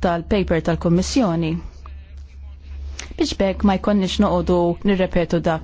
tal-paper tal-Kommissjoni. Biex bekk ma jkonniex noqogħdu nirrepetu dak